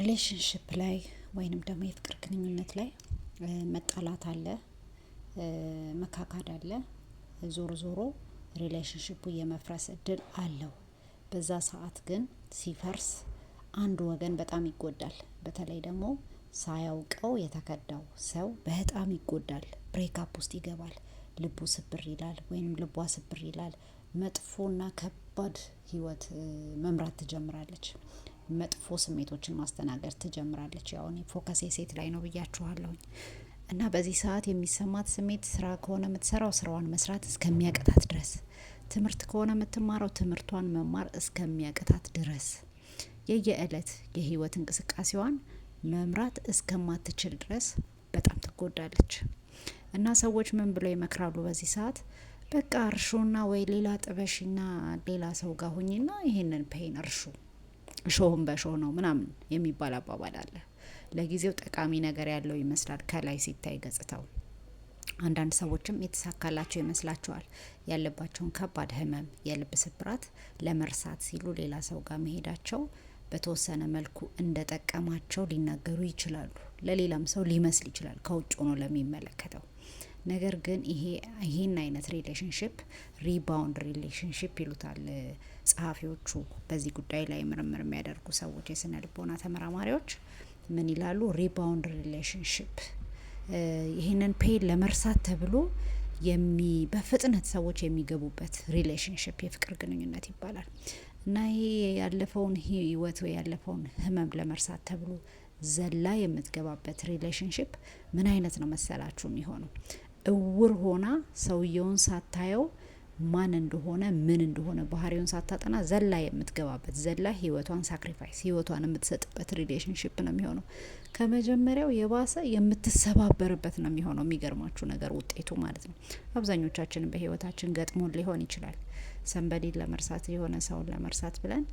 ሪሌሽንሽፕ ላይ ወይንም ደግሞ የፍቅር ግንኙነት ላይ መጣላት አለ፣ መካካድ አለ። ዞሮ ዞሮ ሪሌሽንሽፑ የመፍረስ እድል አለው። በዛ ሰዓት ግን ሲፈርስ አንድ ወገን በጣም ይጎዳል። በተለይ ደግሞ ሳያውቀው የተከዳው ሰው በጣም ይጎዳል። ብሬክአፕ ውስጥ ይገባል። ልቡ ስብር ይላል፣ ወይንም ልቧ ስብር ይላል። መጥፎና ከባድ ህይወት መምራት ትጀምራለች። መጥፎ ስሜቶችን ማስተናገድ ትጀምራለች። ያው እኔ ፎከሴ ሴት ላይ ነው ብያችኋለሁኝ። እና በዚህ ሰዓት የሚሰማት ስሜት ስራ ከሆነ የምትሰራው ስራዋን መስራት እስከሚያቅታት ድረስ፣ ትምህርት ከሆነ የምትማረው ትምህርቷን መማር እስከሚያቅታት ድረስ የየእለት የህይወት እንቅስቃሴዋን መምራት እስከማትችል ድረስ በጣም ትጎዳለች። እና ሰዎች ምን ብለው ይመክራሉ በዚህ ሰዓት በቃ እርሹና ወይ ሌላ ጥበሽና ሌላ ሰው ጋር ሁኝና ይህንን ፔን እርሹ እሾሁን በሾህ ነው ምናምን የሚባል አባባል አለ። ለጊዜው ጠቃሚ ነገር ያለው ይመስላል ከላይ ሲታይ ገጽታው። አንዳንድ ሰዎችም የተሳካላቸው ይመስላቸዋል። ያለባቸውን ከባድ ህመም፣ የልብ ስብራት ለመርሳት ሲሉ ሌላ ሰው ጋር መሄዳቸው በተወሰነ መልኩ እንደጠቀማቸው ሊናገሩ ይችላሉ። ለሌላም ሰው ሊመስል ይችላል ከውጭ ሆኖ ለሚመለከተው ነገር ግን ይሄ ይሄን አይነት ሪሌሽንሽፕ ሪባውንድ ሪሌሽንሽፕ ይሉታል ጸሐፊዎቹ። በዚህ ጉዳይ ላይ ምርምር የሚያደርጉ ሰዎች፣ የስነ ልቦና ተመራማሪዎች ምን ይላሉ? ሪባውንድ ሪሌሽንሽፕ ይህንን ፔን ለመርሳት ተብሎ የሚ በፍጥነት ሰዎች የሚገቡበት ሪሌሽንሽፕ የፍቅር ግንኙነት ይባላል እና ይሄ ያለፈውን ህይወት ወይ ያለፈውን ህመም ለመርሳት ተብሎ ዘላ የምትገባበት ሪሌሽንሽፕ ምን አይነት ነው መሰላችሁ የሚሆነው? እውር ሆና ሰውየውን ሳታየው ማን እንደሆነ ምን እንደሆነ ባህሪውን ሳታጠና ዘላ የምትገባበት ዘላ ህይወቷን ሳክሪፋይስ ህይወቷን የምትሰጥበት ሪሌሽንሽፕ ነው የሚሆነው። ከመጀመሪያው የባሰ የምትሰባበርበት ነው የሚሆነው። የሚገርማችሁ ነገር ውጤቱ ማለት ነው። አብዛኞቻችንን በህይወታችን ገጥሞን ሊሆን ይችላል። ሰንበዴን ለመርሳት የሆነ ሰውን ለመርሳት ብለን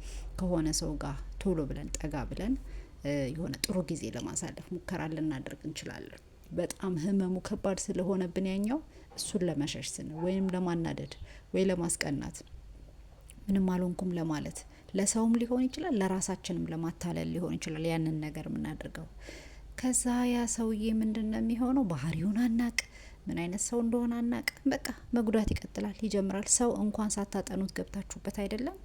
ከሆነ ሰው ጋር ቶሎ ብለን ጠጋ ብለን የሆነ ጥሩ ጊዜ ለማሳለፍ ሙከራ ልናደርግ እንችላለን። በጣም ህመሙ ከባድ ስለሆነብን ያኛው እሱን ለመሸሽ ስንል ወይም ለማናደድ ወይ ለማስቀናት ምንም አልሆንኩም ለማለት ለሰውም ሊሆን ይችላል፣ ለራሳችንም ለማታለል ሊሆን ይችላል። ያንን ነገር የምናደርገው ከዛ ያ ሰውዬ ምንድን ነው የሚሆነው? ባህሪውን አናቅ፣ ምን አይነት ሰው እንደሆነ አናቅ። በቃ መጉዳት ይቀጥላል፣ ይጀምራል። ሰው እንኳን ሳታጠኑት ገብታችሁበት አይደለም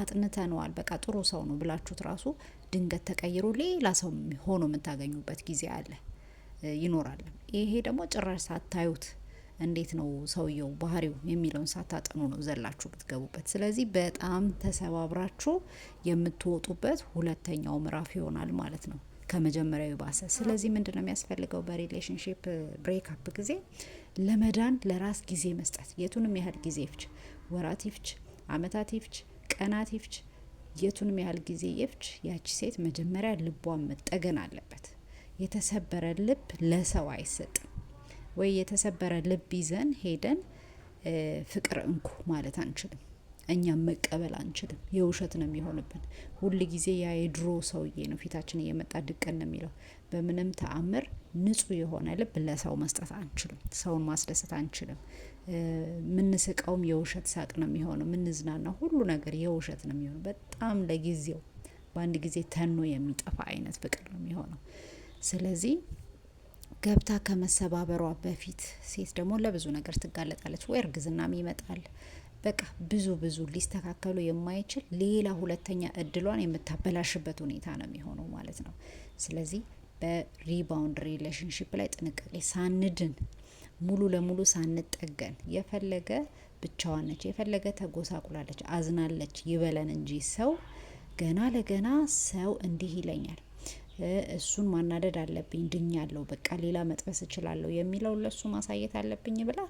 አጥንተነዋል፣ በቃ ጥሩ ሰው ነው ብላችሁት ራሱ ድንገት ተቀይሮ ሌላ ሰው ሆኖ የምታገኙበት ጊዜ አለ። ይኖራል። ይሄ ደግሞ ጭራሽ ሳታዩት እንዴት ነው ሰውየው ባህሪው የሚለውን ሳታጠኑ ነው ዘላችሁ ብትገቡበት። ስለዚህ በጣም ተሰባብራችሁ የምትወጡበት ሁለተኛው ምዕራፍ ይሆናል ማለት ነው ከመጀመሪያው ባሰ። ስለዚህ ምንድን ነው የሚያስፈልገው በሪሌሽንሽፕ ብሬክአፕ ጊዜ ለመዳን ለራስ ጊዜ መስጠት። የቱንም ያህል ጊዜ ይፍች፣ ወራት ይፍች፣ አመታት ይፍች፣ ቀናት ይፍች፣ የቱንም ያህል ጊዜ ይፍች፣ ያቺ ሴት መጀመሪያ ልቧን መጠገን አለ የተሰበረ ልብ ለሰው አይሰጥም። ወይ የተሰበረ ልብ ይዘን ሄደን ፍቅር እንኩ ማለት አንችልም። እኛም መቀበል አንችልም። የውሸት ነው የሚሆንብን። ሁል ጊዜ ያ የድሮ ሰውዬ ነው ፊታችን እየመጣ ድቅን ነው የሚለው። በምንም ተአምር ንጹህ የሆነ ልብ ለሰው መስጠት አንችልም። ሰውን ማስደሰት አንችልም። የምንስቀውም የውሸት ሳቅ ነው የሚሆነው። ምንዝናና ሁሉ ነገር የውሸት ነው የሚሆነው። በጣም ለጊዜው በአንድ ጊዜ ተኖ የሚጠፋ አይነት ፍቅር ነው የሚሆነው። ስለዚህ ገብታ ከመሰባበሯ በፊት ሴት ደግሞ ለብዙ ነገር ትጋለጣለች። ወይ እርግዝናም ይመጣል። በቃ ብዙ ብዙ ሊስተካከሉ የማይችል ሌላ ሁለተኛ እድሏን የምታበላሽበት ሁኔታ ነው የሚሆነው ማለት ነው። ስለዚህ በሪባውንድ ሪሌሽንሽፕ ላይ ጥንቃቄ ሳንድን ሙሉ ለሙሉ ሳንጠገን የፈለገ ብቻዋን ነች፣ የፈለገ ተጎሳቁላለች፣ አዝናለች ይበለን እንጂ ሰው ገና ለገና ሰው እንዲህ ይለኛል እሱን ማናደድ አለብኝ። ድኛለሁ፣ በቃ ሌላ መጥበስ እችላለሁ የሚለው ለሱ ማሳየት አለብኝ ብላ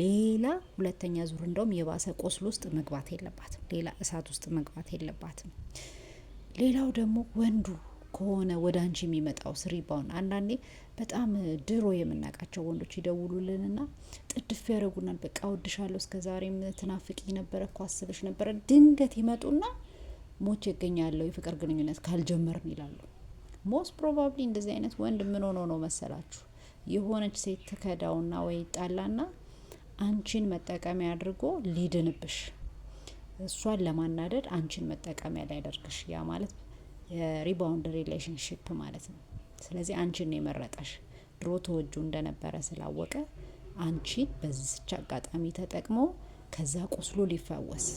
ሌላ ሁለተኛ ዙር እንደውም የባሰ ቆስል ውስጥ መግባት የለባትም። ሌላ እሳት ውስጥ መግባት የለባትም። ሌላው ደግሞ ወንዱ ከሆነ ወደ አንቺ የሚመጣው ስሪባውን አንዳንዴ በጣም ድሮ የምናውቃቸው ወንዶች ይደውሉልንና ጥድፍ ያደረጉናል። በቃ ወድሻለሁ፣ እስከ ዛሬም ትናፍቂ ነበረ እኮ አስብሽ ነበረ። ድንገት ይመጡና ሞች ይገኛለሁ የፍቅር ግንኙነት ካልጀመርን ይላሉ። ሞስት ፕሮባብሊ እንደዚህ አይነት ወንድ ምን ሆኖ ነው መሰላችሁ? የሆነች ሴት ትከዳውና ወይ ጣላና አንቺን መጠቀሚያ አድርጎ ሊድንብሽ፣ እሷን ለማናደድ አንቺን መጠቀሚያ ሊያደርግሽ፣ ያ ማለት የሪባውንድ ሪሌሽንሽፕ ማለት ነው። ስለዚህ አንቺን ነው የመረጠሽ። ድሮ ተወጁ እንደነበረ ስላወቀ አንቺን በዚች አጋጣሚ ተጠቅሞ ከዛ ቁስሎ ሊፈወስ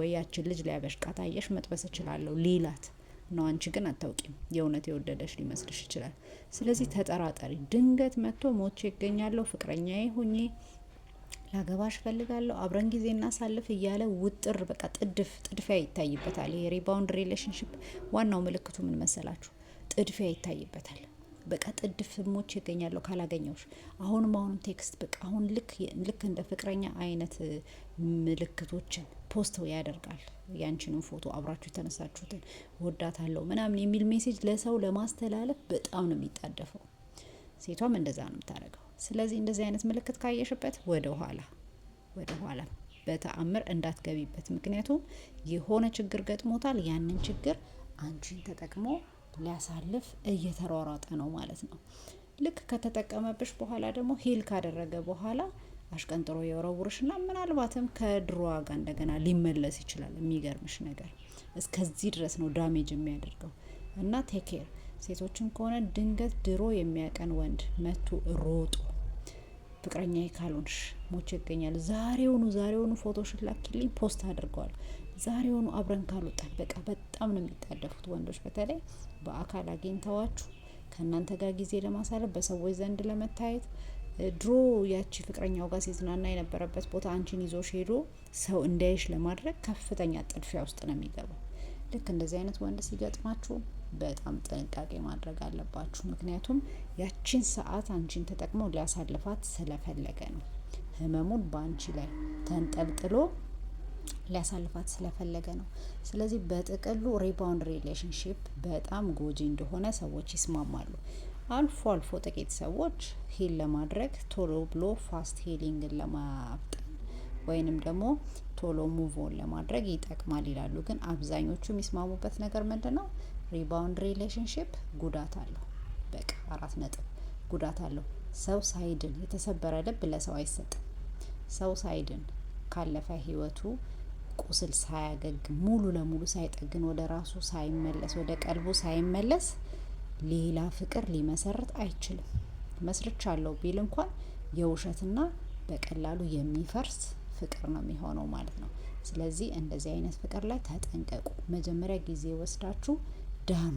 ወይ ያችን ልጅ ሊያበሽቃት አየሽ መጥበስ እችላለሁ ሊላት ነው። አንቺ ግን አታውቂም። የእውነት የወደደሽ ሊመስልሽ ይችላል። ስለዚህ ተጠራጠሪ። ድንገት መጥቶ ሞቼ ይገኛለሁ፣ ፍቅረኛዬ ሆኜ ላገባሽ ፈልጋለሁ፣ አብረን ጊዜ እናሳልፍ እያለ ውጥር በቃ ጥድፍ ጥድፊያ ይታይበታል። ይሄ ሪባውንድ ሪሌሽንሽፕ ዋናው ምልክቱ ምን መሰላችሁ? ጥድፊያ ይታይበታል። በቃ ጥድ ፍሞች ይገኛለሁ ካላገኘውሽ። አሁንም አሁንም ቴክስት በቃ አሁን ልክ ልክ እንደ ፍቅረኛ አይነት ምልክቶችን ፖስተው ያደርጋል። ያንቺንም ፎቶ አብራችሁ የተነሳችሁትን ወዳታለሁ ምናምን የሚል ሜሴጅ ለሰው ለማስተላለፍ በጣም ነው የሚጣደፈው። ሴቷም እንደዛ ነው የምታደርገው። ስለዚህ እንደዚህ አይነት ምልክት ካየሽበት ወደ ኋላ ወደ ኋላ በተአምር እንዳትገቢበት። ምክንያቱም የሆነ ችግር ገጥሞታል። ያንን ችግር አንቺን ተጠቅሞ ሊያሳልፍ እየተሯሯጠ ነው ማለት ነው። ልክ ከተጠቀመብሽ በኋላ ደግሞ ሂል ካደረገ በኋላ አሽቀንጥሮ የወረውርሽና ምናልባትም ከድሮ ዋጋ እንደገና ሊመለስ ይችላል። የሚገርምሽ ነገር እስከዚህ ድረስ ነው ዳሜጅ የሚያደርገው እና ቴኬር ሴቶችም ከሆነ ድንገት ድሮ የሚያቀን ወንድ መቱ ሮጦ ፍቅረኛ ካልሆንሽ ሞቼ ይገኛል ዛሬውኑ ዛሬውኑ ፎቶሽን ላኪልኝ ፖስት አድርገዋል ዛሬውኑ አብረን ካልወጣን በቃ በጣም ነው የሚጣደፉት ወንዶች። በተለይ በአካል አግኝተዋችሁ ከእናንተ ጋር ጊዜ ለማሳለፍ በሰዎች ዘንድ ለመታየት ድሮ ያቺ ፍቅረኛው ጋር ሲዝናና የነበረበት ቦታ አንቺን ይዞሽ ሄዶ ሰው እንዳይሽ ለማድረግ ከፍተኛ ጥድፊያ ውስጥ ነው የሚገባው። ልክ እንደዚህ አይነት ወንድ ሲገጥማችሁ በጣም ጥንቃቄ ማድረግ አለባችሁ። ምክንያቱም ያቺን ሰዓት አንቺን ተጠቅመው ሊያሳልፋት ስለፈለገ ነው። ህመሙን በአንቺ ላይ ተንጠልጥሎ ሊያሳልፋት ስለፈለገ ነው። ስለዚህ በጥቅሉ ሪባውንድ ሪሌሽንሽፕ በጣም ጎጂ እንደሆነ ሰዎች ይስማማሉ። አልፎ አልፎ ጥቂት ሰዎች ሂል ለማድረግ ቶሎ ብሎ ፋስት ሂሊንግን ለማፍጠን ወይንም ደግሞ ቶሎ ሙቮን ለማድረግ ይጠቅማል ይላሉ። ግን አብዛኞቹ የሚስማሙበት ነገር ምንድን ነው? ሪባውንድ ሪሌሽንሽፕ ጉዳት አለው። በቃ አራት ነጥብ ጉዳት አለው። ሰው ሳይድን የተሰበረ ልብ ለሰው አይሰጥም። ሰው ሳይድን ካለፈ ህይወቱ ቁስል ሳያገግ ሙሉ ለሙሉ ሳይጠግን ወደ ራሱ ሳይመለስ ወደ ቀልቡ ሳይመለስ ሌላ ፍቅር ሊመሰርት አይችልም። መስርቻለሁ ቢል እንኳን የውሸትና በቀላሉ የሚፈርስ ፍቅር ነው የሚሆነው ማለት ነው። ስለዚህ እንደዚህ አይነት ፍቅር ላይ ተጠንቀቁ። መጀመሪያ ጊዜ ወስዳችሁ ዳኑ፣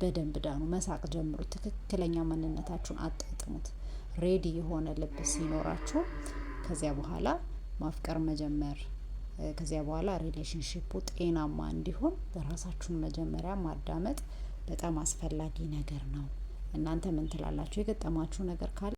በደንብ ዳኑ፣ መሳቅ ጀምሩ፣ ትክክለኛ ማንነታችሁን አጣጥሙት። ሬዲ የሆነ ልብ ሲኖራችሁ ከዚያ በኋላ ማፍቀር መጀመር ከዚያ በኋላ ሪሌሽንሽፑ ጤናማ እንዲሆን ራሳችሁን መጀመሪያ ማዳመጥ በጣም አስፈላጊ ነገር ነው። እናንተ ምን ትላላችሁ? የገጠማችሁ ነገር ካለ